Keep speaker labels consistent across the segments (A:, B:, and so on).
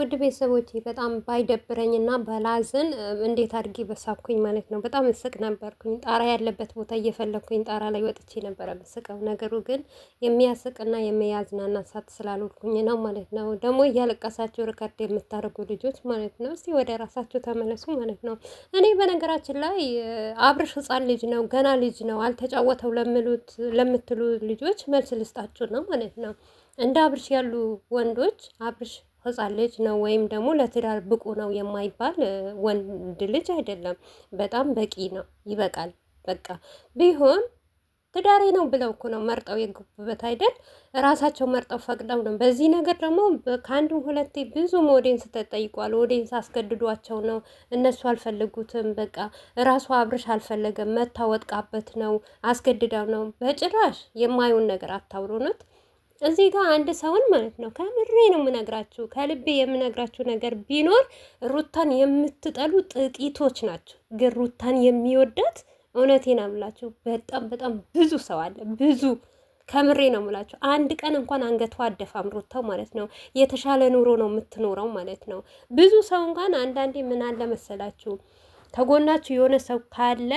A: ውድ ቤተሰቦች በጣም ባይደብረኝ እና በላዝን እንዴት አድርጌ በሳኩኝ ማለት ነው። በጣም እስቅ ነበርኩኝ። ጣራ ያለበት ቦታ እየፈለግኩኝ ጣራ ላይ ወጥቼ ነበረ ምስቀው። ነገሩ ግን የሚያስቅና የሚያዝናና ሳት ስላልኩኝ ነው ማለት ነው። ደግሞ እያለቀሳችሁ ርከርድ የምታደርጉ ልጆች ማለት ነው፣ እስቲ ወደ ራሳችሁ ተመለሱ ማለት ነው። እኔ በነገራችን ላይ አብርሽ ህፃን ልጅ ነው፣ ገና ልጅ ነው። አልተጫወተው ለምሉት ለምትሉ ልጆች መልስ ልስጣችሁ ነው ማለት ነው። እንደ አብርሽ ያሉ ወንዶች አብርሽ ህፃን ልጅ ነው ወይም ደግሞ ለትዳር ብቁ ነው የማይባል ወንድ ልጅ አይደለም። በጣም በቂ ነው፣ ይበቃል። በቃ ቢሆን ትዳሬ ነው ብለው እኮ ነው መርጠው የገቡበት አይደል? ራሳቸው መርጠው ፈቅደው ነው። በዚህ ነገር ደግሞ ከአንድም ሁለቴ ብዙ ኦዲየንስ ተጠይቋል። ኦዲየንስ አስገድዷቸው ነው፣ እነሱ አልፈለጉትም። በቃ ራሱ አብርሽ አልፈለገም፣ መታወጥቃበት ነው፣ አስገድዳው ነው። በጭራሽ የማይሆን ነገር አታውሩነት። እዚህ ጋር አንድ ሰውን ማለት ነው ከምሬ ነው የምነግራችሁ፣ ከልቤ የምነግራችሁ ነገር ቢኖር ሩታን የምትጠሉ ጥቂቶች ናቸው። ግን ሩታን የሚወዳት እውነቴን አምላችሁ በጣም በጣም ብዙ ሰው አለ ብዙ ከምሬ ነው የምላችሁ። አንድ ቀን እንኳን አንገቷ አደፋም ሩታው ማለት ነው። የተሻለ ኑሮ ነው የምትኖረው ማለት ነው። ብዙ ሰው እንኳን አንዳንዴ ምን አለ መሰላችሁ፣ ከጎናችሁ የሆነ ሰው ካለ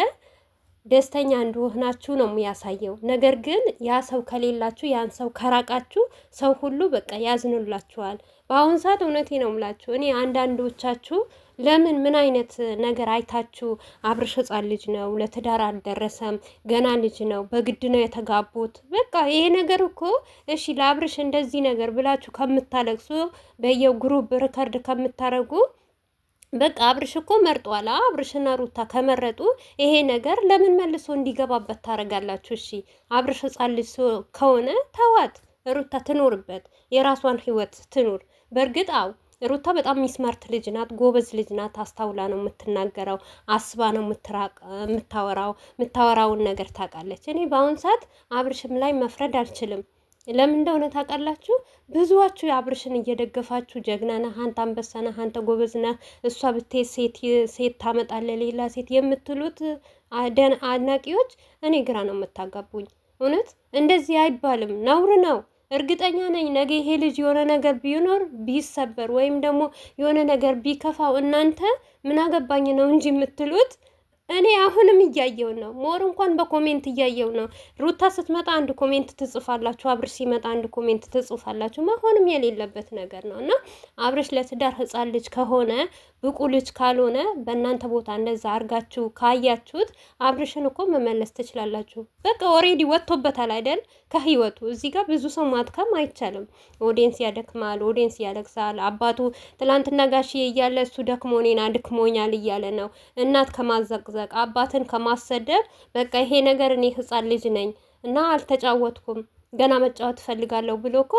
A: ደስተኛ እንደሆናችሁ ነው የሚያሳየው። ነገር ግን ያ ሰው ከሌላችሁ፣ ያን ሰው ከራቃችሁ፣ ሰው ሁሉ በቃ ያዝኑላችኋል። በአሁን ሰዓት እውነቴ ነው ምላችሁ እኔ አንዳንዶቻችሁ ለምን ምን አይነት ነገር አይታችሁ አብርሽ ህጻን ልጅ ነው፣ ለትዳር አልደረሰም፣ ገና ልጅ ነው፣ በግድ ነው የተጋቡት። በቃ ይሄ ነገር እኮ እሺ፣ ለአብርሽ እንደዚህ ነገር ብላችሁ ከምታለቅሱ በየው ግሩፕ ሪከርድ ከምታረጉ በቃ አብርሽ እኮ መርጧላ አብርሽና ሩታ ከመረጡ ይሄ ነገር ለምን መልሶ እንዲገባበት ታደርጋላችሁ? እሺ አብርሽ ሕፃን ልጅ ከሆነ ተዋት፣ ሩታ ትኖርበት፣ የራሷን ህይወት ትኖር። በእርግጥ አው ሩታ በጣም ሚስማርት ልጅ ናት፣ ጎበዝ ልጅ ናት። አስታውላ ነው የምትናገረው፣ አስባ ነው የምታወራው፣ የምታወራውን ነገር ታውቃለች። እኔ በአሁን ሰዓት አብርሽም ላይ መፍረድ አልችልም። ለምን እንደሆነ ታውቃላችሁ? ብዙዋችሁ አብርሽን እየደገፋችሁ ጀግና ነህ አንተ፣ አንበሳ ነህ አንተ፣ ጎበዝ ነህ፣ እሷ ብትሄድ ሴት ሴት ታመጣለህ ሌላ ሴት የምትሉት አድናቂዎች እኔ ግራ ነው የምታጋቡኝ። እውነት እንደዚህ አይባልም፣ ነውር ነው። እርግጠኛ ነኝ ነገ ይሄ ልጅ የሆነ ነገር ቢኖር ቢሰበር፣ ወይም ደግሞ የሆነ ነገር ቢከፋው እናንተ ምን አገባኝ ነው እንጂ የምትሉት እኔ አሁንም እያየው ነው። ሞር እንኳን በኮሜንት እያየው ነው። ሩታ ስትመጣ አንድ ኮሜንት ትጽፋላችሁ፣ አብርሽ ሲመጣ አንድ ኮሜንት ትጽፋላችሁ። መሆንም የሌለበት ነገር ነው እና አብርሽ ለትዳር ሕፃን ልጅ ከሆነ ብቁ ልጅ ካልሆነ በእናንተ ቦታ እንደዛ አርጋችሁ ካያችሁት አብርሽን እኮ መመለስ ትችላላችሁ። በቃ ኦሬዲ ወጥቶበታል አይደል ከህይወቱ። እዚህ ጋር ብዙ ሰው ማትከም አይቻልም። ኦዲንስ ያደክማል፣ ኦዲንስ ያለቅሳል። አባቱ ትላንትና ጋሽዬ እያለ እሱ ደክሞኔና ድክሞኛል እያለ ነው እናት ከማዘቅዘ ከመዘቅዘቅ አባትን ከማሰደብ በቃ ይሄ ነገር እኔ ህፃን ልጅ ነኝ እና አልተጫወትኩም ገና መጫወት እፈልጋለሁ ብሎ እኮ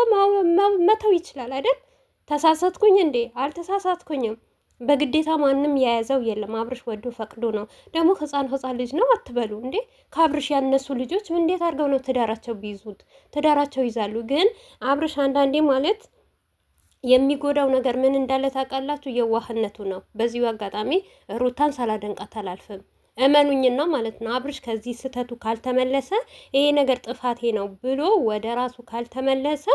A: መተው ይችላል አይደል? ተሳሳትኩኝ እንዴ? አልተሳሳትኩኝም። በግዴታ ማንም የያዘው የለም። አብርሽ ወዶ ፈቅዶ ነው። ደግሞ ህፃን ህፃን ልጅ ነው አትበሉ እንዴ። ከአብርሽ ያነሱ ልጆች እንዴት አድርገው ነው ትዳራቸው ቢይዙት? ትዳራቸው ይዛሉ። ግን አብርሽ አንዳንዴ ማለት የሚጎዳው ነገር ምን እንዳለ ታውቃላችሁ? የዋህነቱ ነው። በዚሁ አጋጣሚ ሩታን ሳላደንቃት አላልፍም። እመኑኝና ማለት ነው አብርሽ ከዚህ ስህተቱ ካልተመለሰ ይሄ ነገር ጥፋቴ ነው ብሎ ወደ ራሱ ካልተመለሰ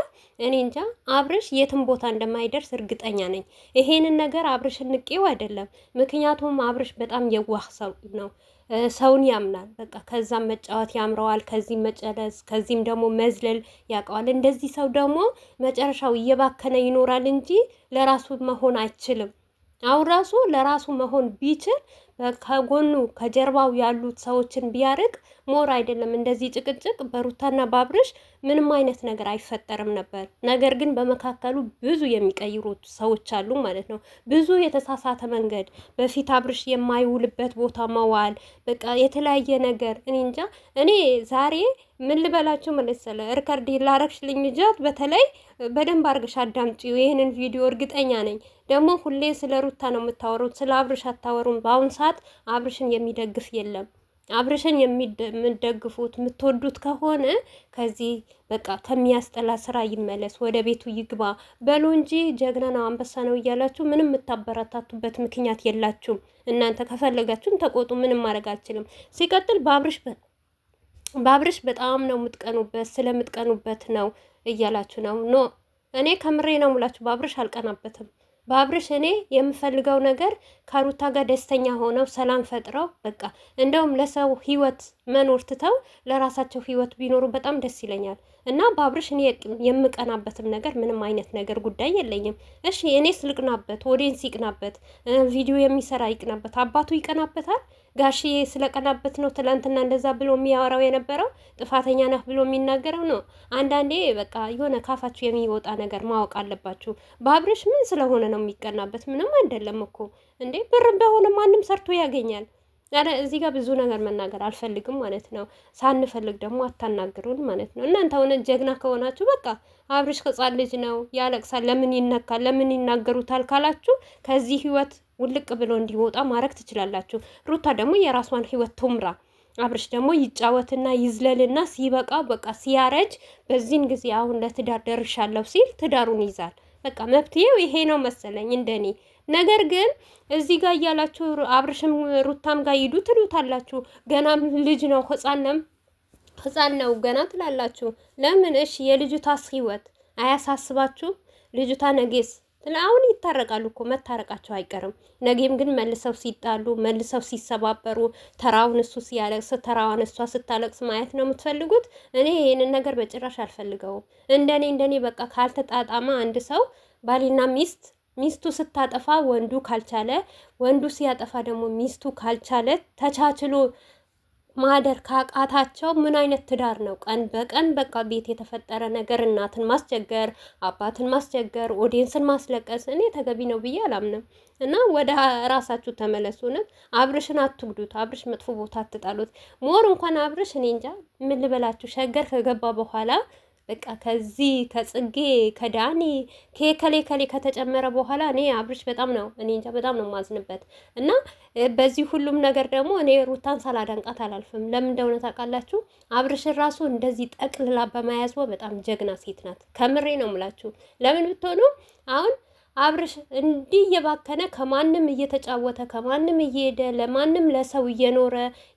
A: እኔ እንጃ አብርሽ የትም ቦታ እንደማይደርስ እርግጠኛ ነኝ። ይሄንን ነገር አብርሽ ንቄው አይደለም፣ ምክንያቱም አብርሽ በጣም የዋህ ሰው ነው። ሰውን ያምናል። በቃ ከዛም መጫወት ያምረዋል፣ ከዚህም መጨለስ፣ ከዚህም ደግሞ መዝለል ያውቀዋል። እንደዚህ ሰው ደግሞ መጨረሻው እየባከነ ይኖራል እንጂ ለራሱ መሆን አይችልም። አሁን ራሱ ለራሱ መሆን ቢችል ከጎኑ ከጀርባው ያሉት ሰዎችን ቢያርቅ ሞር አይደለም እንደዚህ ጭቅጭቅ በሩታና ባብርሽ ምንም አይነት ነገር አይፈጠርም ነበር። ነገር ግን በመካከሉ ብዙ የሚቀይሩት ሰዎች አሉ ማለት ነው። ብዙ የተሳሳተ መንገድ በፊት አብርሽ የማይውልበት ቦታ መዋል፣ በቃ የተለያየ ነገር እኔ እንጃ። እኔ ዛሬ ምን ልበላችሁ መሰለ ሪከርድ ላረግሽልኝ ጃት፣ በተለይ በደንብ አርገሽ አዳምጪ ይህንን ቪዲዮ እርግጠኛ ነኝ። ደግሞ ሁሌ ስለ ሩታ ነው የምታወሩት፣ ስለ አብርሽ አታወሩም በአሁን ሰዓት ሰዓት አብርሽን የሚደግፍ የለም። አብርሽን የምደግፉት የምትወዱት ከሆነ ከዚህ በቃ ከሚያስጠላ ስራ ይመለስ፣ ወደ ቤቱ ይግባ በሉ እንጂ ጀግና ነው አንበሳ ነው እያላችሁ ምንም የምታበረታቱበት ምክንያት የላችሁም። እናንተ ከፈለጋችሁም ተቆጡ፣ ምንም ማድረግ አልችልም። ሲቀጥል በአብርሽ በአብርሽ በጣም ነው የምትቀኑበት፣ ስለምትቀኑበት ነው እያላችሁ ነው። ኖ እኔ ከምሬ ነው ሙላችሁ፣ በአብርሽ አልቀናበትም። በአብርሽ እኔ የምፈልገው ነገር ከሩታ ጋር ደስተኛ ሆነው ሰላም ፈጥረው በቃ እንደውም ለሰው ህይወት መኖር ትተው ለራሳቸው ህይወት ቢኖሩ በጣም ደስ ይለኛል። እና በአብርሽ እኔ የምቀናበትም ነገር ምንም አይነት ነገር ጉዳይ የለኝም። እሺ እኔስ ልቅናበት፣ ኦዲየንስ ይቅናበት፣ ቪዲዮ የሚሰራ ይቅናበት፣ አባቱ ይቀናበታል። ጋሺ ስለቀናበት ነው ትላንትና እንደዛ ብሎ የሚያወራው የነበረው ጥፋተኛ ነህ ብሎ የሚናገረው ነው። አንዳንዴ በቃ የሆነ ካፋችሁ የሚወጣ ነገር ማወቅ አለባችሁ። በአብርሽ ምን ስለሆነ ነው ነው የሚቀናበት? ምንም አይደለም እኮ እንዴ። ብር በሆነ ማንም ሰርቶ ያገኛል። አረ እዚህ ጋር ብዙ ነገር መናገር አልፈልግም ማለት ነው። ሳንፈልግ ደግሞ አታናግሩን ማለት ነው። እናንተ ሆነ ጀግና ከሆናችሁ በቃ አብርሽ ሕፃን ልጅ ነው ያለቅሳል፣ ለምን ይነካል፣ ለምን ይናገሩታል ካላችሁ ከዚህ ህይወት ውልቅ ብሎ እንዲወጣ ማድረግ ትችላላችሁ። ሩታ ደግሞ የራሷን ህይወት ትምራ። አብርሽ ደግሞ ይጫወትና ይዝለልና ሲበቃ በቃ ሲያረጅ፣ በዚህን ጊዜ አሁን ለትዳር ደርሻለሁ ሲል ትዳሩን ይዛል። በቃ መፍትሄው ይሄ ነው መሰለኝ እንደኔ። ነገር ግን እዚህ ጋር እያላችሁ አብርሽም ሩታም ጋር ሂዱ ትሉታላችሁ። ገናም ልጅ ነው ህጻንም ህጻን ነው ገና ትላላችሁ። ለምን እሺ የልጅቷስ ህይወት አያሳስባችሁ? ልጅቷ ነጌስ አሁን ይታረቃሉ እኮ መታረቃቸው አይቀርም። ነገም ግን መልሰው ሲጣሉ መልሰው ሲሰባበሩ ተራውን እሱ ሲያለቅስ ተራዋን እሷ ስታለቅስ ማየት ነው የምትፈልጉት? እኔ ይህንን ነገር በጭራሽ አልፈልገውም። እንደኔ እንደኔ በቃ ካልተጣጣማ አንድ ሰው ባሊና ሚስት ሚስቱ ስታጠፋ ወንዱ ካልቻለ፣ ወንዱ ሲያጠፋ ደግሞ ሚስቱ ካልቻለ ተቻችሎ ማደር ካቃታቸው ምን አይነት ትዳር ነው? ቀን በቀን በቃ ቤት የተፈጠረ ነገር እናትን ማስቸገር፣ አባትን ማስቸገር፣ ኦዲየንስን ማስለቀስ እኔ ተገቢ ነው ብዬ አላምንም እና ወደ ራሳችሁ ተመለሱ። እውነት አብርሽን አትጉዱት። አብርሽ መጥፎ ቦታ አትጣሉት። ሞር እንኳን አብርሽ እኔ እንጃ ምን ልበላችሁ ሸገር ከገባ በኋላ በቃ ከዚህ ከጽጌ ከዳኒ ከከሌ ከሌ ከተጨመረ በኋላ እኔ አብርሽ በጣም ነው እኔ እንጃ በጣም ነው የማዝንበት። እና በዚህ ሁሉም ነገር ደግሞ እኔ ሩታን ሳላደንቃት አላልፍም። ለምን እንደሆነ ታውቃላችሁ? አብርሽን ራሱ እንደዚህ ጠቅልላ በመያዟ በጣም ጀግና ሴት ናት። ከምሬ ነው የምላችሁ። ለምን ብትሆኑ አሁን አብርሽ እንዲህ እየባከነ ከማንም እየተጫወተ ከማንም እየሄደ ለማንም ለሰው እየኖረ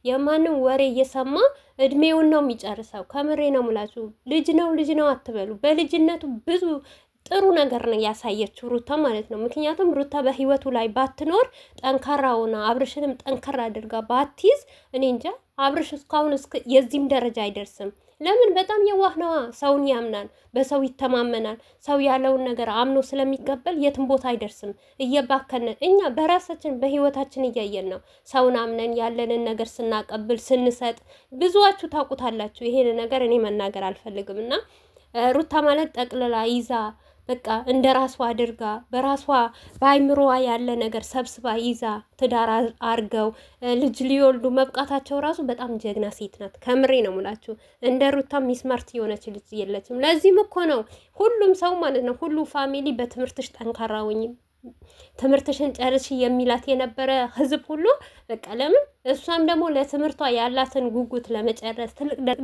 A: የማንም ወሬ እየሰማ እድሜውን ነው የሚጨርሰው። ከምሬ ነው የምላችሁ። ልጅ ነው ልጅ ነው አትበሉ። በልጅነቱ ብዙ ጥሩ ነገር ነው ያሳየችው ሩታ ማለት ነው። ምክንያቱም ሩታ በህይወቱ ላይ ባትኖር ጠንካራ ሆና አብርሽንም ጠንካራ አድርጋ ባትይዝ እኔ እንጃ አብርሽ እስካሁን የዚህም ደረጃ አይደርስም። ለምን? በጣም የዋህ ነዋ። ሰውን ያምናል፣ በሰው ይተማመናል። ሰው ያለውን ነገር አምኖ ስለሚቀበል የትም ቦታ አይደርስም። እየባከነ እኛ በራሳችን በህይወታችን እያየን ነው። ሰውን አምነን ያለንን ነገር ስናቀብል ስንሰጥ፣ ብዙዋችሁ ታውቁታላችሁ። ይሄን ነገር እኔ መናገር አልፈልግም እና ሩታ ማለት ጠቅልላ ይዛ በቃ እንደ ራሷ አድርጋ በራሷ በአይምሮዋ ያለ ነገር ሰብስባ ይዛ ትዳር አርገው ልጅ ሊወልዱ መብቃታቸው ራሱ በጣም ጀግና ሴት ናት። ከምሬ ነው ሙላችሁ። እንደ ሩታ ሚስማርት የሆነች ልጅ የለችም። ለዚህም እኮ ነው ሁሉም ሰው ማለት ነው ሁሉ ፋሚሊ በትምህርትሽ ጠንካራ ሁኝ ትምህርትሽን ጨርሽ የሚላት የነበረ ህዝብ ሁሉ በቃ ለምን እሷም ደግሞ ለትምህርቷ ያላትን ጉጉት ለመጨረስ ትልቅ